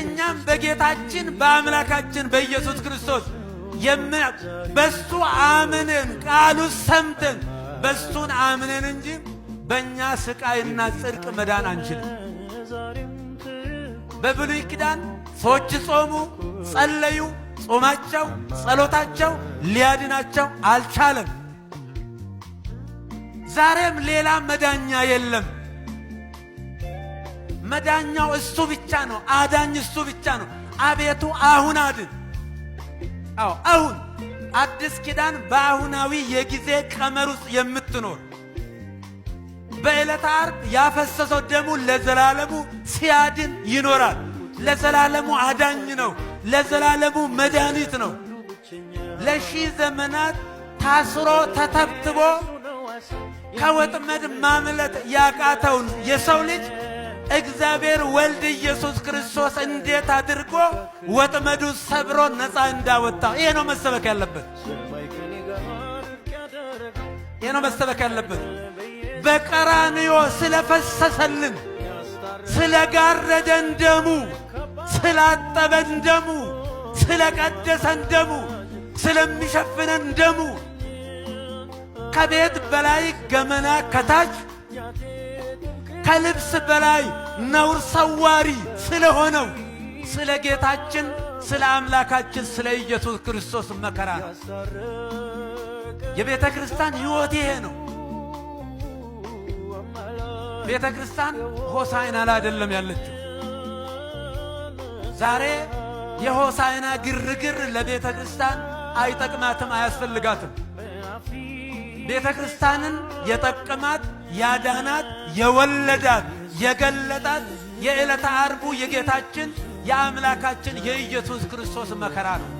እኛም በጌታችን በአምላካችን በኢየሱስ ክርስቶስ በሱ አምነን ቃሉ ሰምተን በሱን አምነን እንጂ በእኛ ስቃይና ጽድቅ መዳን አንችልም። በብሉይ ኪዳን ሰዎች ጾሙ፣ ጸለዩ። ጾማቸው፣ ጸሎታቸው ሊያድናቸው አልቻለም። ዛሬም ሌላ መዳኛ የለም። መዳኛው እሱ ብቻ ነው። አዳኝ እሱ ብቻ ነው። አቤቱ አሁን አድን። አዎ አሁን አዲስ ኪዳን በአሁናዊ የጊዜ ቀመር ውስጥ የምትኖር በዕለተ ዓርብ ያፈሰሰው ደሙ ለዘላለሙ ሲያድን ይኖራል። ለዘላለሙ አዳኝ ነው። ለዘላለሙ መድኃኒት ነው። ለሺህ ዘመናት ታስሮ ተተብትቦ ከወጥመድ ማምለጥ ያቃተውን የሰው ልጅ እግዚአብሔር ወልድ ኢየሱስ ክርስቶስ እንዴት አድርጎ ወጥመዱ ሰብሮ ነፃ እንዳወጣ ይሄ ነው መሰበክ ያለበት። ይሄ ነው መሰበክ ያለበት። በቀራንዮ ስለፈሰሰልን ስለጋረደን ደሙ ስላጠበን ደሙ ስለቀደሰን ደሙ ስለሚሸፍነን ደሙ ከቤት በላይ ገመና ከታች ከልብስ በላይ ነውር ሰዋሪ ስለሆነው ስለ ጌታችን ስለ አምላካችን ስለ ኢየሱስ ክርስቶስ መከራ ነው። የቤተ ክርስቲያን ሕይወት ይሄ ነው። ቤተ ክርስቲያን ሆሳዕና ላይ አይደለም ያለችው። ዛሬ የሆሳይና ግርግር ለቤተ ክርስቲያን አይጠቅማትም፣ አያስፈልጋትም። ቤተ ክርስቲያንን የጠቀማት ያዳናት የወለዳት የገለጣት የዕለተ አርቡ የጌታችን የአምላካችን የኢየሱስ ክርስቶስ መከራ ነው።